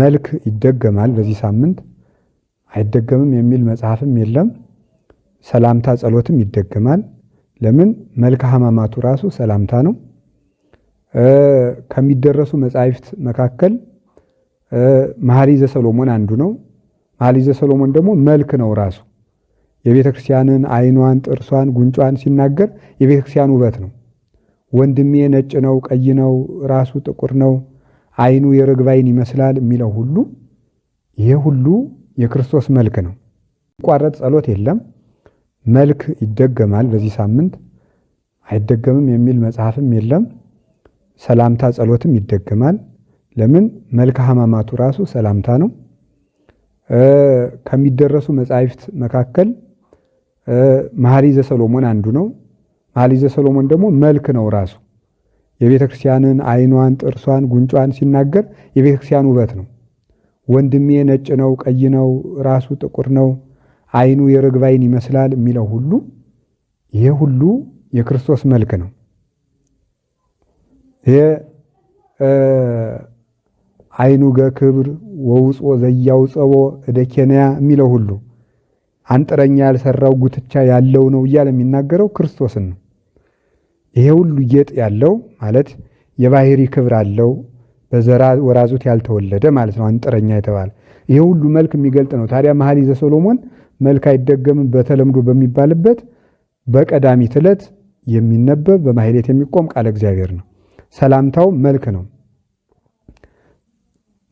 መልክ ይደገማል በዚህ ሳምንት አይደገምም የሚል መጽሐፍም የለም። ሰላምታ ጸሎትም ይደገማል። ለምን መልክ ሕማማቱ ራሱ ሰላምታ ነው። ከሚደረሱ መጻሕፍት መካከል መኃልየ ሰሎሞን አንዱ ነው። መኃልየ ሰሎሞን ደግሞ መልክ ነው ራሱ የቤተ ክርስቲያንን ዓይኗን፣ ጥርሷን፣ ጉንጯን ሲናገር የቤተ ክርስቲያን ውበት ነው። ወንድሜ ነጭ ነው፣ ቀይ ነው፣ ራሱ ጥቁር ነው አይኑ የርግብ አይን ይመስላል የሚለው ሁሉ ይሄ ሁሉ የክርስቶስ መልክ ነው። የሚቋረጥ ጸሎት የለም። መልክ ይደገማል። በዚህ ሳምንት አይደገምም የሚል መጽሐፍም የለም። ሰላምታ ጸሎትም ይደገማል። ለምን መልክ ሕማማቱ ራሱ ሰላምታ ነው። ከሚደረሱ መጻሕፍት መካከል መኃልየ ዘሰሎሞን አንዱ ነው። መኃልየ ዘሰሎሞን ደግሞ መልክ ነው ራሱ የቤተ ክርስቲያንን አይኗን፣ ጥርሷን፣ ጉንጯን ሲናገር የቤተ ክርስቲያን ውበት ነው። ወንድሜ ነጭ ነው፣ ቀይ ነው፣ ራሱ ጥቁር ነው፣ አይኑ የርግብ አይን ይመስላል የሚለው ሁሉ ይሄ ሁሉ የክርስቶስ መልክ ነው። ይሄ ዓይኑ ገክብር ወውፆ ዘያው ፀቦ እደ ኬንያ የሚለው ሁሉ አንጥረኛ ያልሰራው ጉትቻ ያለው ነው እያለ የሚናገረው ክርስቶስን ነው። ይሄ ሁሉ ጌጥ ያለው ማለት የባህሪ ክብር አለው። በዘራ ወራዙት ያልተወለደ ማለት ነው አንጥረኛ የተባለ ይሄ ሁሉ መልክ የሚገልጥ ነው። ታዲያ መኃልየ ሰሎሞን መልክ አይደገምም በተለምዶ በሚባልበት በቀዳሚት ዕለት የሚነበብ በማሕሌት የሚቆም ቃለ እግዚአብሔር ነው። ሰላምታው መልክ ነው።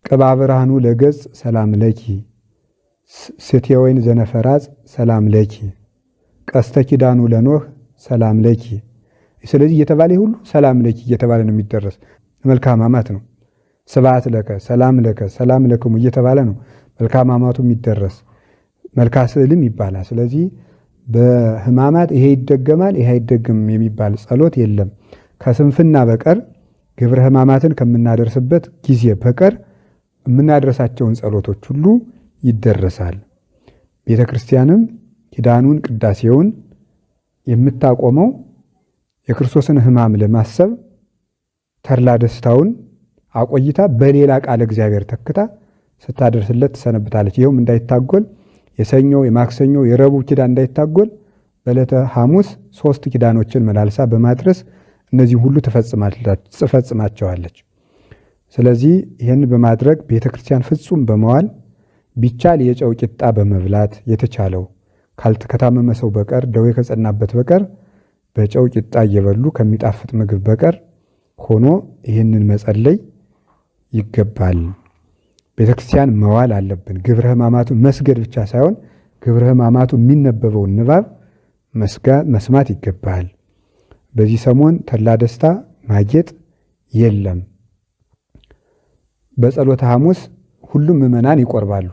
ቅባ ብርሃኑ ለገጽ ሰላም ለኪ ስቴ ወይን ዘነፈራጽ ሰላም ለኪ ቀስተ ኪዳኑ ለኖህ ሰላም ለኪ ስለዚህ እየተባለ ሁሉ ሰላም ለኪ እየተባለ ነው የሚደረስ። መልካም አማት ነው። ስብሐት ለከ፣ ሰላም ለከ፣ ሰላም ለክሙ እየተባለ ነው መልካም አማቱ የሚደረስ። መልካ ስዕልም ይባላል። ስለዚህ በህማማት ይሄ ይደገማል፣ ይሄ አይደገምም የሚባል ጸሎት የለም ከስንፍና በቀር ግብረ ህማማትን ከምናደርስበት ጊዜ በቀር የምናደርሳቸውን ጸሎቶች ሁሉ ይደረሳል። ቤተ ክርስቲያንም ኪዳኑን ቅዳሴውን የምታቆመው የክርስቶስን ሕማም ለማሰብ ተድላ ደስታውን አቆይታ በሌላ ቃል እግዚአብሔር ተክታ ስታደርስለት ትሰነብታለች። ይኸውም እንዳይታጎል የሰኞ የማክሰኞ የረቡዕ ኪዳን እንዳይታጎል በዕለተ ሐሙስ ሶስት ኪዳኖችን መላልሳ በማድረስ እነዚህ ሁሉ ትፈጽማቸዋለች። ስለዚህ ይህን በማድረግ ቤተ ክርስቲያን ፍጹም በመዋል ቢቻል የጨው ቂጣ በመብላት የተቻለው ካልከታመመ ሰው በቀር ደዌ ከጸናበት በቀር በጨው ቂጣ እየበሉ ከሚጣፍጥ ምግብ በቀር ሆኖ ይህንን መጸለይ ይገባል። ቤተክርስቲያን መዋል አለብን። ግብረ ሕማማቱ መስገድ ብቻ ሳይሆን ግብረ ሕማማቱ የሚነበበውን ንባብ መስማት ይገባል። በዚህ ሰሞን ተላ ደስታ ማጌጥ የለም። በጸሎተ ሐሙስ ሁሉም ምዕመናን ይቆርባሉ።